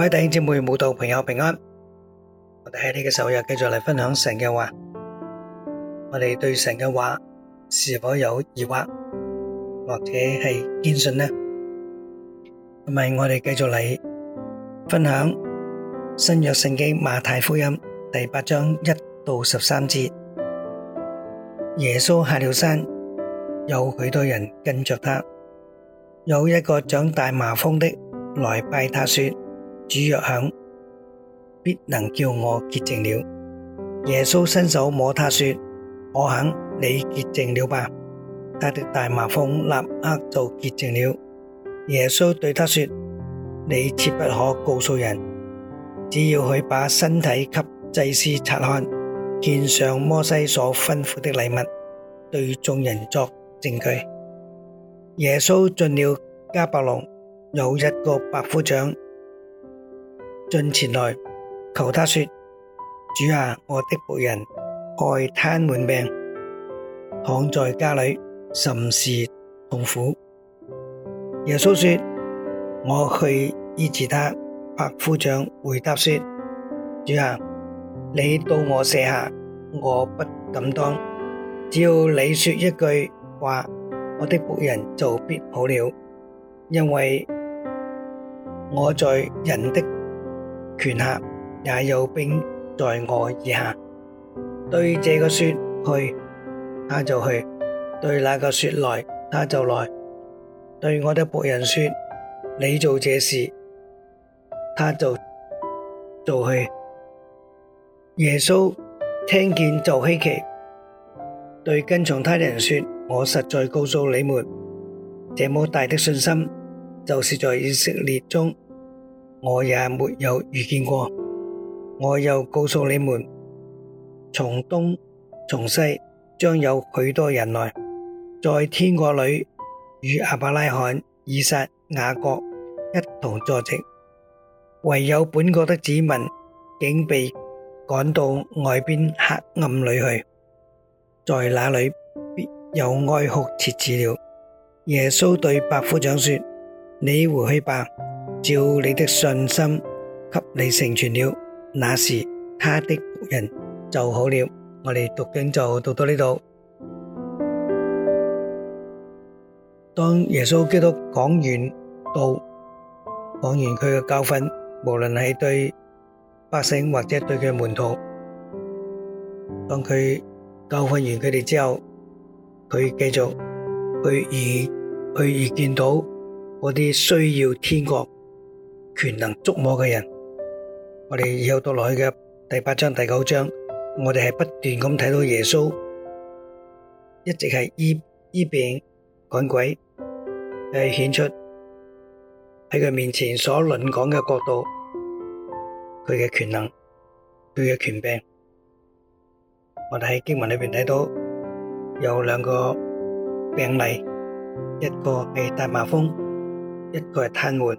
各位弟兄姊妹、慕道朋友平安，我哋喺呢個首日繼續嚟分享神嘅話，我哋對神嘅話是否有疑惑，或者係堅信呢？同埋我哋繼續嚟分享新約聖經馬太福音第八章一到十三節，耶穌下了山，有許多人跟着他，有一個長大麻風的來拜他說。主若肯，必能叫我潔淨了。耶穌伸手摸他，說：我肯，你潔淨了吧。他的大麻風立刻就潔淨了。耶穌對他說：你切不可告訴人，只要去把身體給祭司察看，獻上摩西所吩咐的禮物，對眾人作證據。耶穌進了迦百農，有一個百夫長。進前來，求他說：主啊，我的僕人害癱瘓病，躺在家裏甚是痛苦。耶穌說：我去醫治他。百夫長回答說：主啊，你到我舍下，我不敢當，只要你說一句話，我的僕人就必好了，因為我在人的。權下也有兵在我以下，對這個說去，他就去；對那個說來，他就來；對我的僕人說，你做這事，他就做去。耶穌聽見就希奇，對跟從他的人說：我實在告訴你們，這麼大的信心，就是在以色列中。我也沒有遇見過。我又告訴你們，從東從西將有許多人來，在天國裏與亞伯拉罕、以撒、雅各一同坐席。唯有本國的子民，竟被趕到外邊黑暗裏去，在那裏必有哀哭切齒了。耶穌對百夫長說：你回去吧。照你的信心，給你成全了，那時他的僕人就好了。我哋讀經就讀到呢度。當耶穌基督講完道，講完佢嘅教訓，無論係對百姓或者對佢門徒，當佢教訓完佢哋之後，佢繼續去遇去遇見到嗰啲需要天國權能捉摸嘅人，我哋以後讀落去嘅，第八章、第九章，我哋係不斷咁睇到耶穌一直係醫醫病趕鬼，誒顯出喺佢面前所論講嘅國度，佢嘅權能，佢嘅權柄。我哋喺經文裏邊睇到有兩個病例，一個係大麻風，一個係癱瘓。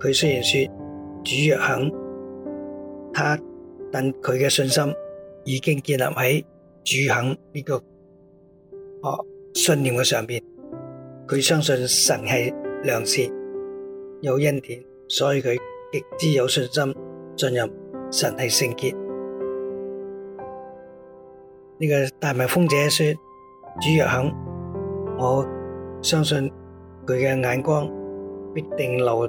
佢雖然說主若肯他，但佢嘅信心已經建立喺主肯呢個哦信念嘅上面。佢相信神係良善有恩典，所以佢極之有信心進入神係聖潔。呢個大痲瘋者說主若肯，我相信佢嘅眼光必定留。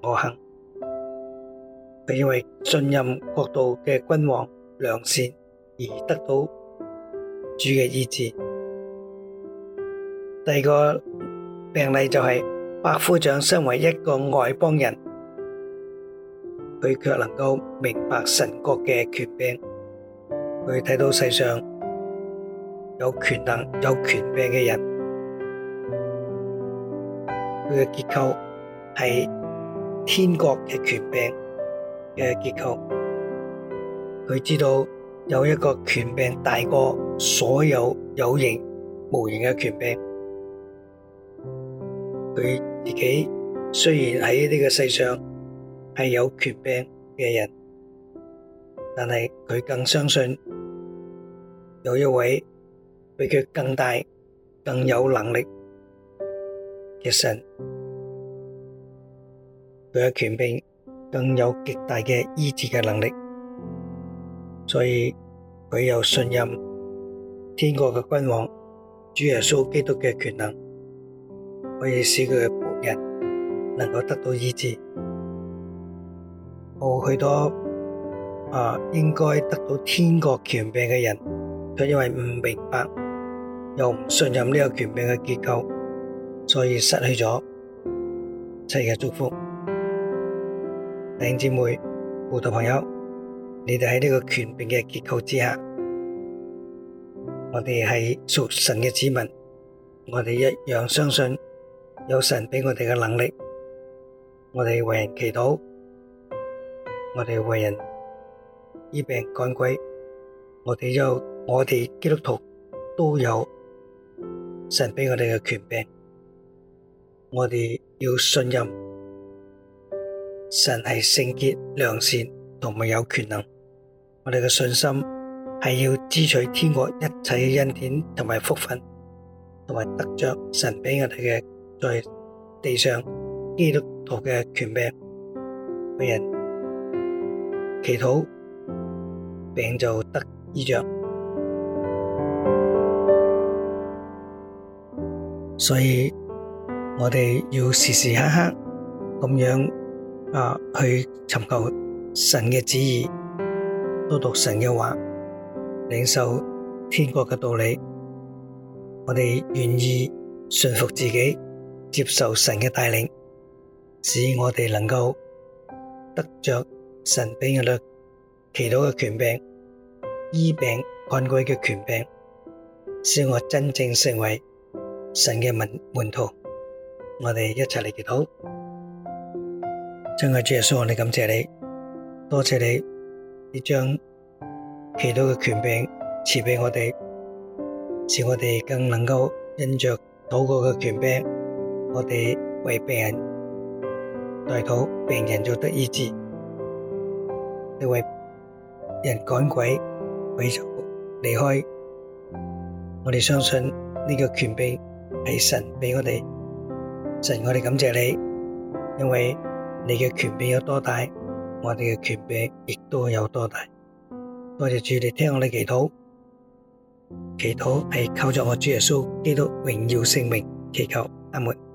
我行，佢因為信任國度嘅君王良善而得到主嘅醫治。第二個病例就係百夫長，身為一個外邦人，佢卻能夠明白神國嘅權柄。佢睇到世上有權能有權柄嘅人，佢嘅結構係。天國嘅權柄嘅結構，佢知道有一個權柄大過所有有形無形嘅權柄。佢自己雖然喺呢個世上係有權柄嘅人，但係佢更相信有一位比佢更大、更有能力嘅神。佢嘅權柄更有極大嘅醫治嘅能力，所以佢又信任天國嘅君王主耶穌基督嘅權能，可以使佢嘅僕人能夠得到醫治。有許多啊，應該得到天國權柄嘅人，卻因為唔明白又唔信任呢個權柄嘅結構，所以失去咗一切嘅祝福。弟兄姊妹、慕道朋友，你哋喺呢個權柄嘅結構之下，我哋係屬神嘅子民，我哋一樣相信有神俾我哋嘅能力，我哋為人祈禱，我哋為人醫病趕鬼，我哋有我哋基督徒都有神俾我哋嘅權柄，我哋要信任。神係聖潔、良善同埋有權能，我哋嘅信心係要支取天國一切嘅恩典同埋福分，同埋得着神俾我哋嘅在地上基督徒嘅權柄，為人祈禱，病就得醫治。所以我哋要時時刻刻咁樣。啊！去尋求神嘅旨意，多讀神嘅話，領受天國嘅道理。我哋願意信服自己，接受神嘅帶領，使我哋能夠得着神俾我哋祈禱嘅權柄，醫病趕鬼嘅權柄，使我真正成為神嘅門門徒。我哋一齊嚟祈禱。真係主耶穌，我哋感謝你，多謝你，你將祈禱嘅權柄賜俾我哋，使我哋更能夠因著禱告嘅權柄，我哋為病人代禱，病人就得醫治。你為人趕鬼，鬼就離開。我哋相信呢個權柄係神俾我哋，神，我哋感謝你，因為，你嘅權柄有多大，我哋嘅權柄亦都有多大。多謝主，你聽我嘅祈禱，祈禱係靠咗我主耶穌基督榮耀聖名，祈求阿門。